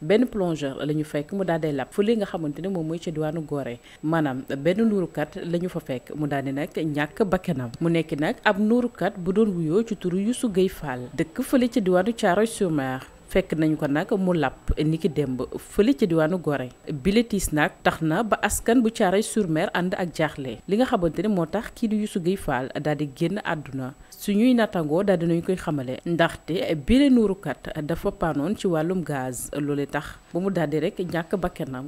benn plongeur la ñu fekk mu daal di lab fu li nga xamante ne moom mooy ci diwaanu Gorée maanaam benn nuurukat la ñu fa fekk mu daal di nag ñàkk bakkanam mu nekk nag ab nuurukat bu doon wuyoo ci turu Youssou Gueye Fall dëkk fële ci diwaanu Thiaroye sur fekk nañu ko nag mu làpp niki démb fële ci diwaanu Gorée bile tiis nag tax na ba askan bu caaray sur ànd ak jaaxle li nga xamante ne moo tax kii di Youssou Gueye Fall daal di génn àdduna suñuy nattangoo daal dinañ koy xamale ndaxte bile nuurukat dafa panoon ci wàllum gaz loolee tax ba mu daal di rek ñàkk bakkanam